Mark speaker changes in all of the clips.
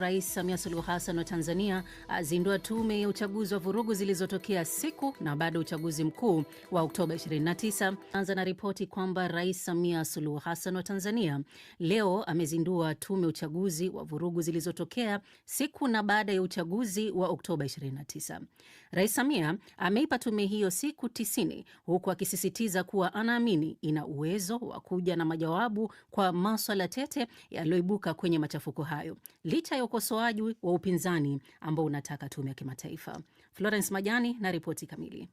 Speaker 1: Rais Samia Suluhu Hassan wa Tanzania azindua tume ya uchaguzi wa vurugu zilizotokea siku na baada ya uchaguzi mkuu wa Oktoba 29. Anza na ripoti kwamba Rais Samia Suluhu Hassan wa Tanzania leo amezindua tume ya uchaguzi wa vurugu zilizotokea siku na baada ya uchaguzi wa Oktoba 29. Rais Samia ameipa tume hiyo siku 90 huku akisisitiza kuwa anaamini ina uwezo wa kuja na majawabu kwa maswala tete yaliyoibuka kwenye machafuko hayo licha ya ukosoaji wa upinzani ambao unataka tume ya kimataifa. Florence Majani na ripoti kamili.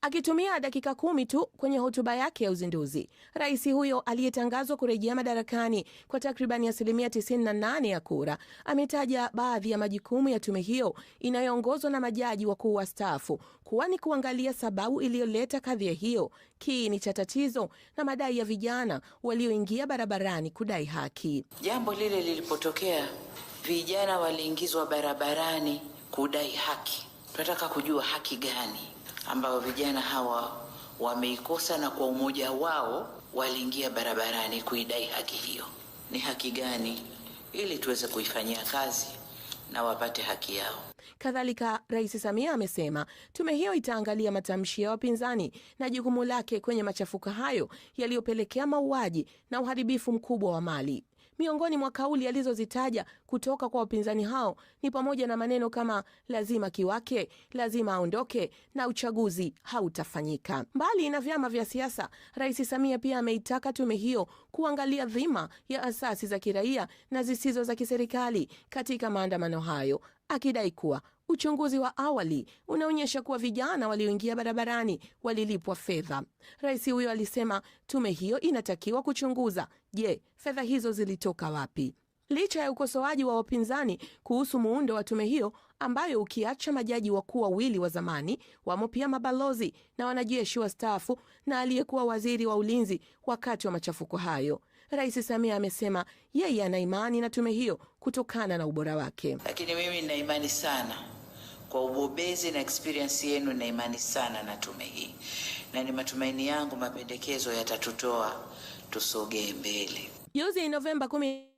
Speaker 2: Akitumia dakika kumi tu kwenye hotuba yake ya uzinduzi, rais huyo aliyetangazwa kurejea madarakani kwa takribani asilimia 98 ya kura ametaja baadhi ya majukumu ya tume hiyo inayoongozwa na majaji wakuu wastaafu kuwa ni kuangalia sababu iliyoleta kadhia hiyo, kiini cha tatizo na madai ya vijana walioingia barabarani kudai haki.
Speaker 3: Jambo lile lilipotokea vijana waliingizwa barabarani kudai haki. Tunataka kujua haki gani ambayo vijana hawa wameikosa na kwa umoja wao waliingia barabarani kuidai haki hiyo. Ni haki gani, ili tuweze kuifanyia kazi na wapate haki yao.
Speaker 2: Kadhalika, Rais Samia amesema tume hiyo itaangalia matamshi ya wapinzani na jukumu lake kwenye machafuko hayo yaliyopelekea mauaji na uharibifu mkubwa wa mali. Miongoni mwa kauli alizozitaja kutoka kwa wapinzani hao ni pamoja na maneno kama lazima kiwake, lazima aondoke na uchaguzi hautafanyika. Mbali na vyama vya siasa, Rais Samia pia ameitaka tume hiyo kuangalia dhima ya asasi za kiraia na zisizo za kiserikali katika maandamano hayo akidai kuwa uchunguzi wa awali unaonyesha kuwa vijana walioingia barabarani walilipwa fedha. Rais huyo alisema tume hiyo inatakiwa kuchunguza, je, fedha hizo zilitoka wapi? Licha ya ukosoaji wa wapinzani kuhusu muundo wa tume hiyo ambayo ukiacha majaji wakuu wawili wa zamani wamo pia mabalozi na wanajeshi wastaafu na aliyekuwa waziri wa ulinzi wakati wa machafuko hayo. Rais Samia amesema yeye ana imani na tume hiyo kutokana na ubora wake.
Speaker 3: Lakini mimi nina imani sana kwa ubobezi na experience yenu, nina imani sana na tume hii, na ni matumaini yangu mapendekezo yatatutoa tusogee mbele.
Speaker 2: Juzi Novemba kumi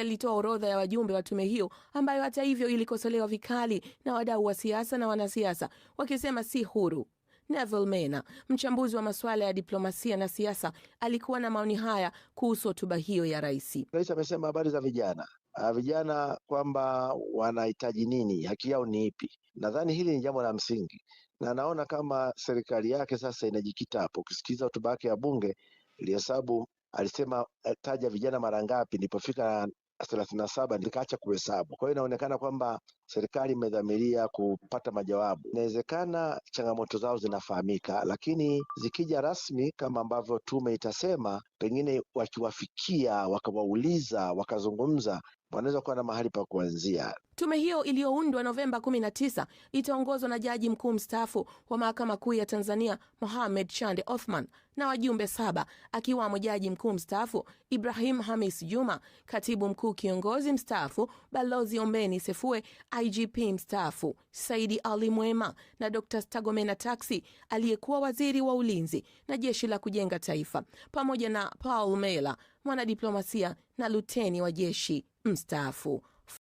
Speaker 2: alitoa orodha ya wajumbe wa tume hiyo ambayo hata hivyo ilikosolewa vikali na wadau wa siasa na wanasiasa wakisema si huru. Neville Mena, mchambuzi wa masuala ya diplomasia na siasa, alikuwa na maoni haya kuhusu hotuba hiyo ya rais.
Speaker 4: Rais amesema habari za vijana ah, vijana kwamba wanahitaji nini, haki yao ni ipi. Nadhani hili ni jambo la msingi, na naona kama serikali yake sasa inajikita hapo. Ukisikiliza hotuba yake ya bunge ilihesabu, alisema eh, taja vijana mara ngapi, nilipofika thelathini na saba nikaacha kuhesabu. Kwa hiyo inaonekana kwamba serikali imedhamiria kupata majawabu. Inawezekana changamoto zao zinafahamika, lakini zikija rasmi kama ambavyo tume itasema, pengine wakiwafikia, wakawauliza, wakazungumza, wanaweza kuwa na mahali pa kuanzia.
Speaker 2: Tume hiyo iliyoundwa Novemba 19 itaongozwa na jaji mkuu mstaafu wa mahakama kuu ya Tanzania Mohamed Chande Othman na wajumbe saba akiwamo jaji mkuu mstaafu Ibrahim Hamis Juma, katibu mkuu kiongozi mstaafu Balozi Ombeni Sefue IGP mstaafu Saidi Ali Mwema na Dr. stagomena taxi aliyekuwa waziri wa ulinzi na jeshi la kujenga taifa, pamoja na Paul Mela mwanadiplomasia na luteni wa jeshi mstaafu.